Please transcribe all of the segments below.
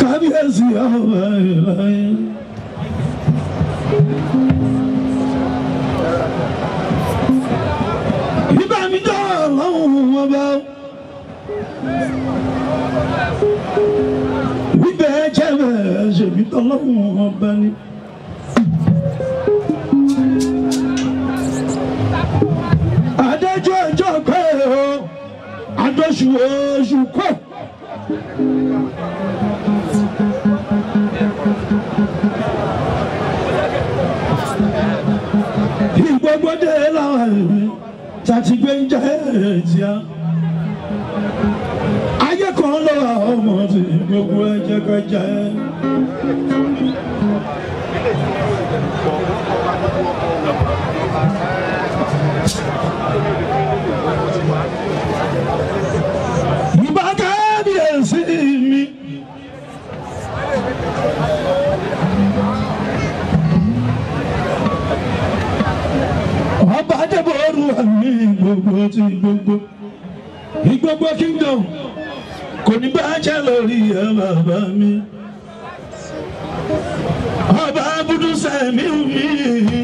kábíyèsí ọba ìlọyẹ. nígbà mi jọ ọlọ́run ọba. wíbẹ̀ jẹ́ adájọ́ ẹjọ́ kan adóṣù eh, oṣù kò. ìgbógbódé làwọn ẹ̀rẹ́ tàti gbé ń jẹ́ ẹ̀ẹ́dìá. ayé kan lọ àwọn ọmọ tí gbogbo ẹ̀jẹ̀ kọjá ẹ̀. Thank you. gbogbo kingdom kò ní bàjẹ́ lórí ẹ̀ bàbá mi. ọba abudu sẹ́mi mi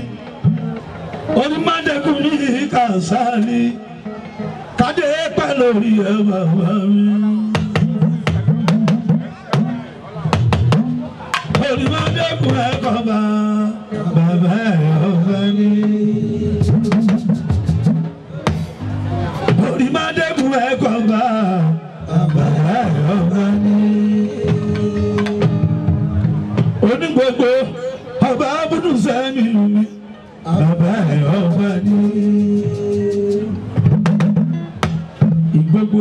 onímọ̀dẹ́kùn mi kàṣálí kádé pẹ́ lórí ẹ̀ bàbá mi. onímọ̀dẹ́kùn ẹ̀kọ́ bá bàbá ẹ̀ ọ̀fẹ́ ni. mẹ́kọ̀ọ́ba bàbá ọba ni. onígbogbo ọba abúlé sẹ́mi mi bàbá ọba ni. ìgbogbo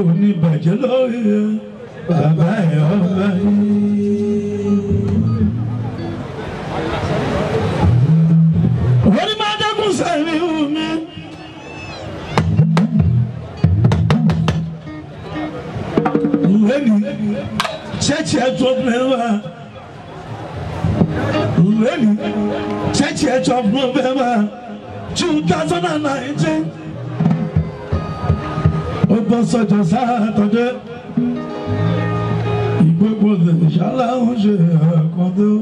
leni church ẹjọ mẹwa leni church ẹjọ mẹwa two thousand and nineteen ó bọ́ sọ́jọ́ sátọ́dẹ́ ìgbógbó ìṣàlá ń ṣe àkọ́dọ́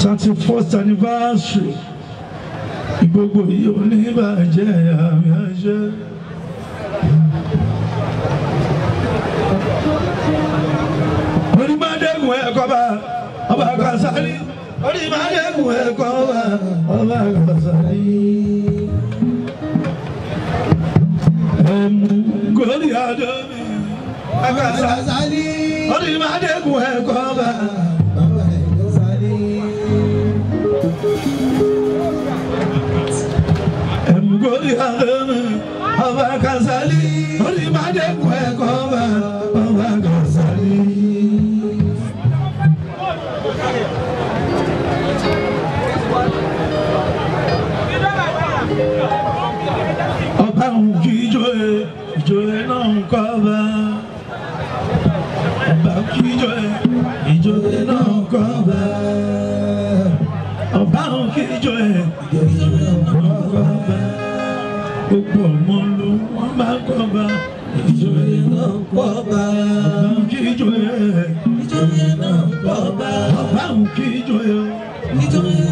thirty first anniversary ìgbógbó yìí ò ní bàjẹ́ àmì àṣẹ. mú ẹ̀kọ́ bá ọba Kasali orí máa lè mú ẹ̀kọ́ bá ọba Kasali. Gòlì àdó mi ọba Kasali orí máa lè mú ẹ̀kọ́ bá Gòlì àdó mi ọba Kasali. ìjọ ẹ̀ náà ń kọ́ bá ọba kú ìjọ ẹ̀ ìjọ ẹ̀ náà ń kọ́ bá ọba ń kí ìjọ ẹ̀ ìjọ ẹ̀ náà ń kọ́ bá gbogbo ọmọ ló wọ́n bá kọ́ bá ìjọ ẹ̀ náà ń kọ́ bá ọba kí ìjọ ẹ̀ náà ń kọ́ bá ọba kí ìjọ ẹ̀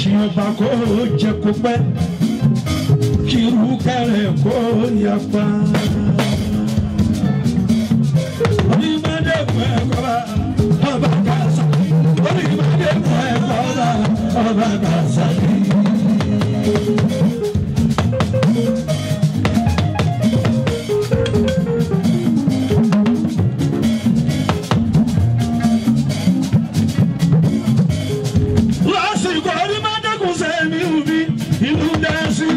ṣe ọba kó jẹ kó pẹ́ kí irú kẹrẹ kó yapa. onímọ̀dẹ́kùn ẹ̀kọ́ bá ọba kásá onímọ̀dẹ́kùn ẹ̀kọ́ bá ọba kásá ìlú dẹ́sí.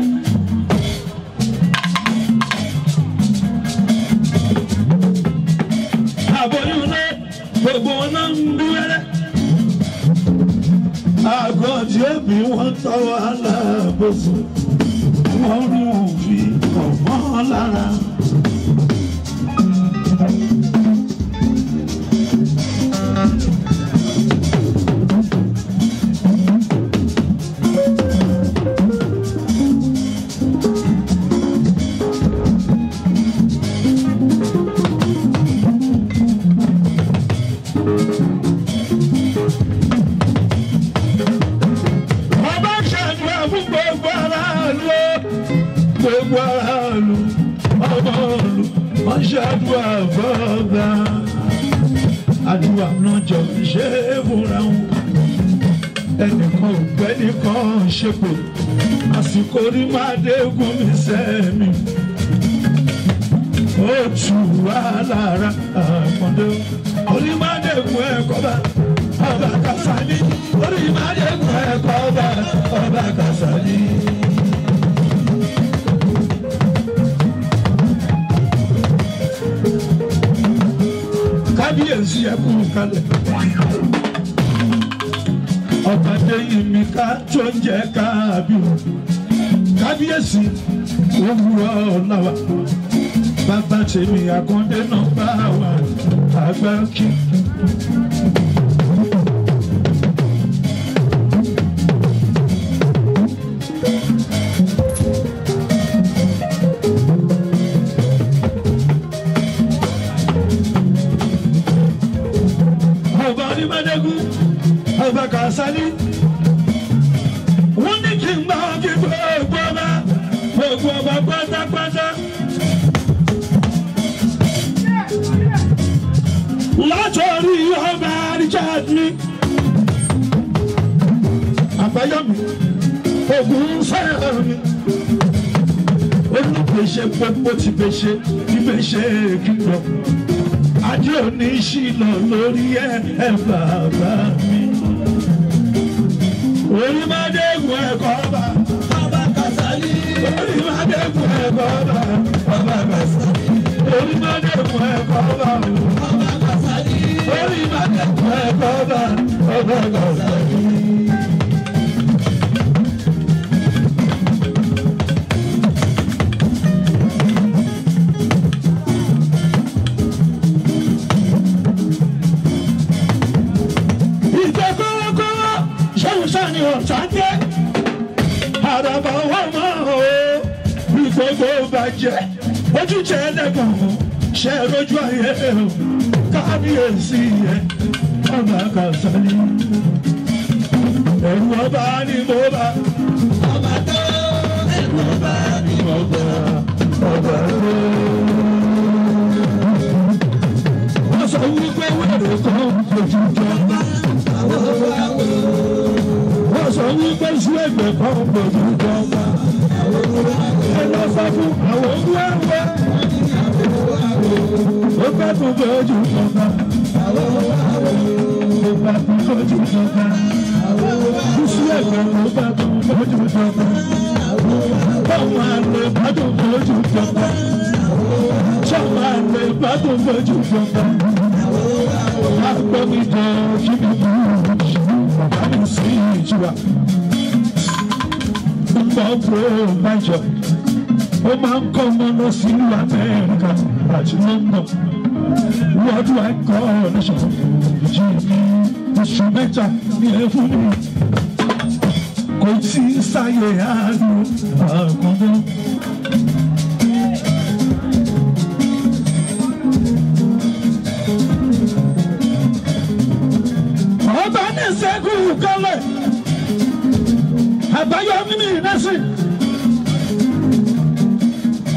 àbóyún náà gbogbo wọn náà ń bí wẹ́rẹ́. àgọ́ tí ó bí wọ́n tọ́ wàhálà bó sùn. mo fẹ́ nìkan ṣepò àsìkò rí má dé gún mi sẹ́mi ó tù wá lára àpọ̀ndé orí má dé gún ẹ̀kọ́ bá ọba Kasali orí má dé gún ẹ̀kọ́ bá ọba Kasali. kábíyèsí ẹkú kalẹ̀ ọba dẹ́yìn mi ká tó ń jẹ́ káàbí kábíyèsí òwúrọ̀ ọ̀la wa bàbá tèmi àkọ́ndé náà bá wa àgbà kí. wa pátápátá. látọ̀rí ọba Richard mi. àbáyọ̀mí ogun fẹ́ràn mi. ó ní gbèsè gbogbo ti gbèsè ti gbèsè kíkọ. adé òní ṣìnà lórí ẹ ẹ bàbá mi. orí má dé ìwọ ẹ̀kọ́ bàbá onímọ̀dẹ́kùn ẹ̀kọ́ bá ọba bàṣálí. onímọ̀dẹ́kùn ẹ̀kọ́ bá ọba bàṣálí. onímọ̀dẹ́kùn ẹ̀kọ́ bá ọba bàṣálí. ìjẹ́kọ́wọ́kọ́wọ́ ṣéwùsàn ni ọ̀sán jẹ́ àràbà wà máa hàn gbogbo bàjẹ́ ojúṣe ẹlẹ́gbọ̀n ṣe rojú ayé o kábíyèsí yẹn ọmọ Kasali ẹ̀rù ọba ni mo bá ọmọ tó ẹ̀rù ọba ni mo bá ọba tó. wọ́n sọ wípé wẹ́rẹ̀ kan lójú jọba wọ́n sọ wípé sí ẹgbẹ̀ kan lójú jọba ẹ lọ sọ fún àwọn olúwa wa ó bá tún bójú ọba ó bá tún bójú ọba kùsù ẹ̀gbọ́n ó bá tún bójú ọba báwọn àlẹ́ bá tún bójú ọba sọ́wọ́n àlẹ́ bá tún bójú ọba àgbọ̀mídọ̀ kí ni mo ń ṣe bàbá mi sí ìjìyà fúnbọ̀ Ọ̀bánjọ́ ó máa ń kọ́ ọmọ lọ sílùú Amẹ́ríkà àti London lọ́dún àìkọ́ ọ̀nẹ́sọ̀ yìí ní oṣù mẹ́ta ní ẹ fún mi kò tí ń sáyé àánú àgùnbọ́n. ọba ní ìṣẹ́gun kọ́lẹ̀ àbáyọmí mi nẹ́sìn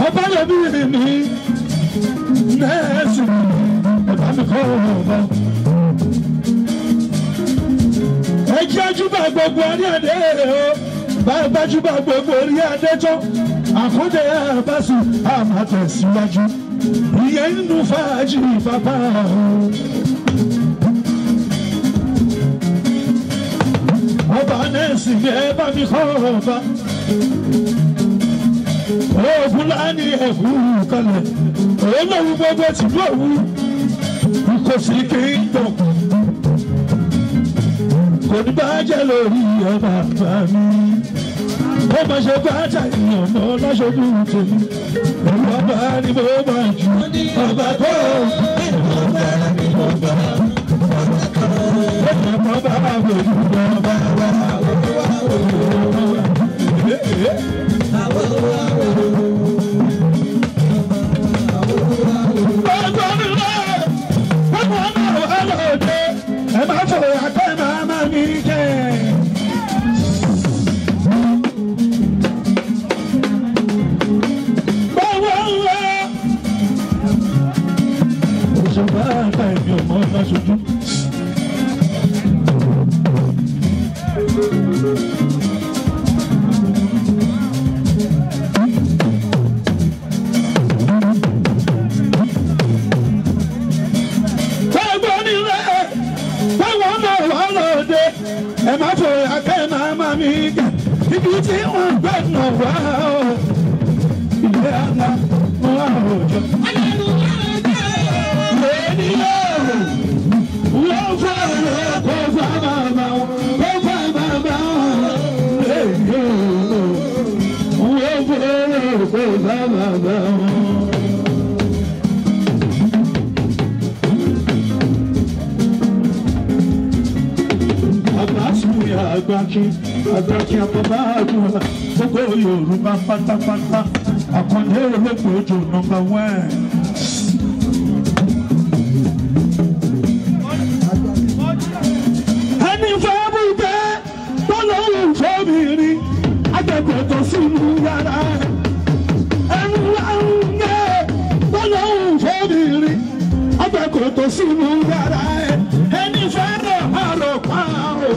ọbáyọmí mi mi nẹ́sìn ẹ̀bá mi kọ́ ọ̀bá. ẹ jẹ́ ajúbà gbogbo orí adé o bá a gbájúbà gbogbo orí adé tó àkóde àbásù àmàtẹ̀síwájú ìyẹn nínú fàájì bàbá o. ọba nẹ́ẹ̀sì mi ẹ bá mi kọ́ ọba. Òògùn láàánú ẹ̀kú kalẹ̀, olówó gbogbo tìlú òwú, kò sí kí n dọ̀kùn. Kò ní bàjẹ́ lórí ọba àgbà mi. Ó máa ṣe bàtà ènìyàn mọ́ láṣojú tèmi. Ìwọ́n bá bá wà lójú bọ́ bá wà. ẹ má fòyà I ẹ máa má mi gà ibi tí wọ́n gbẹ̀nà wá o. bàbá wọn. Àbáṣúyà àgbákí àgbákí àbábá àdúrà gbogbo Yorùbá pátápátá àkàndé olóògbé òjò nọ́mbà wẹ́ẹ̀. Ẹni fẹ́ bú bẹ́ẹ̀ tó lọ́wọ́ mi rí, àgbẹ̀gbẹ̀ sínú yàrá rẹ̀. tó sínú yàrá ẹ ẹni fẹ́ràn àròpá o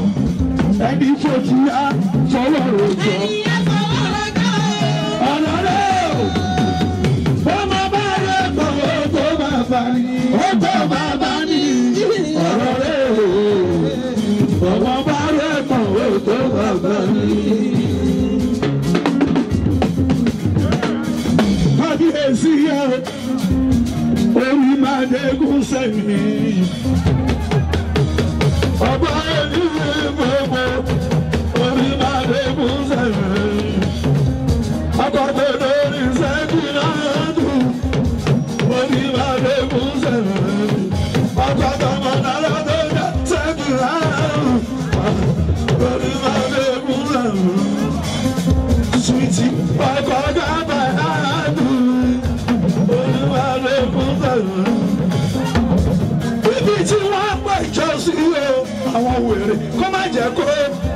ẹni fòjìyà fọlọ́rọ̀ jọ. jẹ́ kó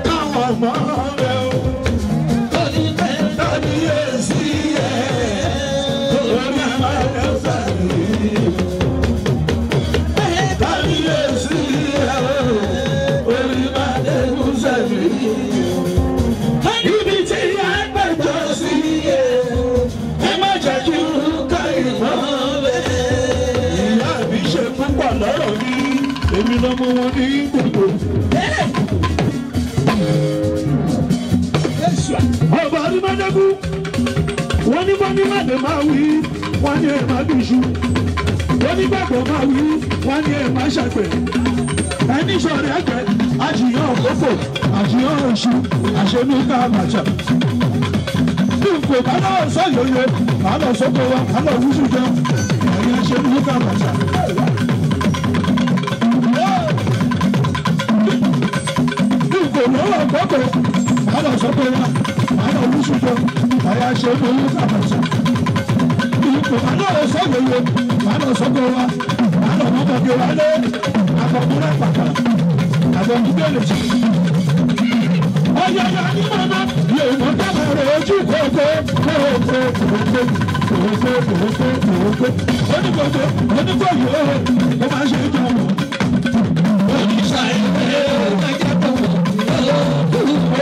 káwọn ọmọ rẹ̀ o. Tọ́ni pẹ́ tọ́ni èsì ẹ̀ lórí àmàlẹ́ sàlẹ̀. Tọ́ni èsì ẹ̀ lórí àmàlẹ́ sàlẹ̀. Ibi tí a gbẹ̀jọ sí ẹ̀ ẹ má jẹ́ kí n ká ìmọ̀lẹ̀. Ìyá mi ṣe púpọ̀ lọ́rọ̀ mi, èmi lọ́mọ wọn ní. oníwàdé máa wí wọ́n ní e ẹ̀ máa dùnṣu onígbàgbọ́ máa wí wọ́n ní e ẹ̀ máa ṣàgbẹ̀ ẹni sọ̀rọ̀ ẹ̀gbẹ́ àjìyàn òkòkò àjìyàn oṣù àṣemíkà àmàjà bí n kò bá náà sọ̀yọ̀yẹ màá lọ sóko wa màá lọ wúṣù jẹun ẹ̀yẹ àṣemíkà àmàjà. bí n lọ́wọ́ àkọ́kọ́ màá lọ sóko wa màá lọ ṣùgbọ́n àwa ṣe oyún sàbọ̀sọ̀. Màánà lọ sọ́gbọ̀ wo, màánà sọ́gbọ̀ wa, màánà ọmọdé wa lé àbọ̀múra pàtà, àbọ̀múgbé lè ṣe. Ọ̀yàyà ní màmá yóò mọ dábàá rẹ̀ ojú kòkó kòkó kòkó kòkó kòkó kòkó onígbòkó onígbòyò ó máa ṣe é jọ wọ̀.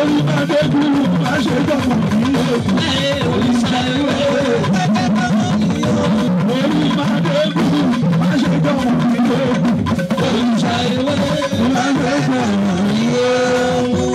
orí máa dé dúró má ṣe dọ̀kọ̀ kí ló kù. orí máa dé dúró